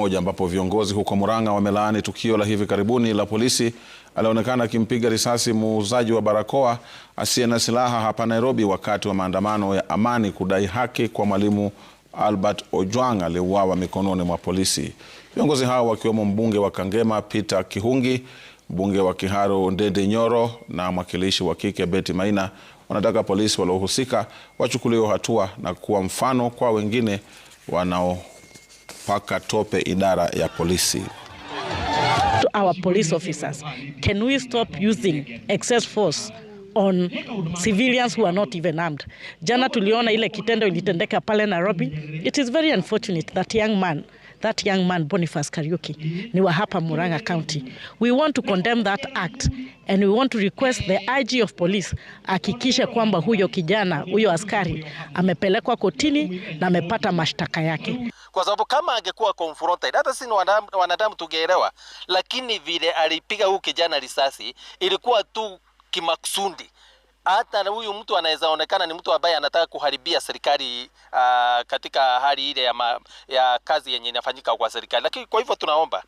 moja ambapo viongozi huko Murang'a wamelaani tukio la hivi karibuni la polisi alionekana akimpiga risasi muuzaji wa barakoa asiye na silaha hapa Nairobi wakati wa maandamano ya amani kudai haki kwa mwalimu Albert Ojwang aliyeuawa mikononi mwa polisi. Viongozi hao wakiwemo mbunge wa Kangema Peter Kihungi, mbunge wa Kiharu Ndindi Nyoro na mwakilishi wa kike Betty Maina wanataka polisi waliohusika wachukuliwe hatua na kuwa mfano kwa wengine wanao mpaka tope idara ya polisi. To our police officers, can we stop using excess force on civilians who are not even armed? Jana tuliona ile kitendo ilitendeka pale Nairobi. It is very unfortunate that young man that young man Boniface Kariuki ni wa hapa Murang'a County. We want to condemn that act and we want to request the IG of police ahakikishe kwamba huyo kijana, huyo askari amepelekwa kotini na amepata mashtaka yake, kwa sababu kama angekuwa confronted, hata si wanadamu tungeelewa, lakini vile alipiga huyu kijana risasi ilikuwa tu kimakusudi hata huyu mtu anawezaonekana ni mtu ambaye anataka kuharibia serikali uh, katika hali ile ya, ma, ya kazi yenye inafanyika kwa serikali. Lakini kwa hivyo tunaomba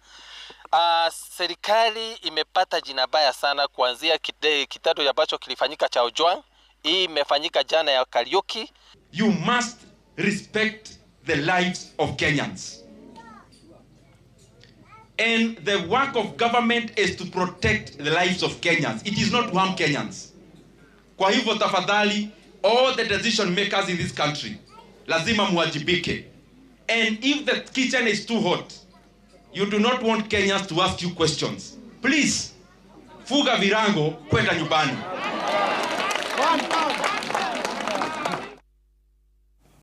uh, serikali imepata jina baya sana kuanzia kitendo ambacho kilifanyika cha Ojwang, hii imefanyika jana ya Kariuki. You must respect the lives of Kenyans and the work of government is to protect the lives of Kenyans. It is not to harm Kenyans. Kwa hivyo tafadhali, all the decision makers in this country lazima muwajibike, and if the kitchen is too hot, you do not want Kenyans to ask you questions. Please fuga virango, kwenda nyumbani.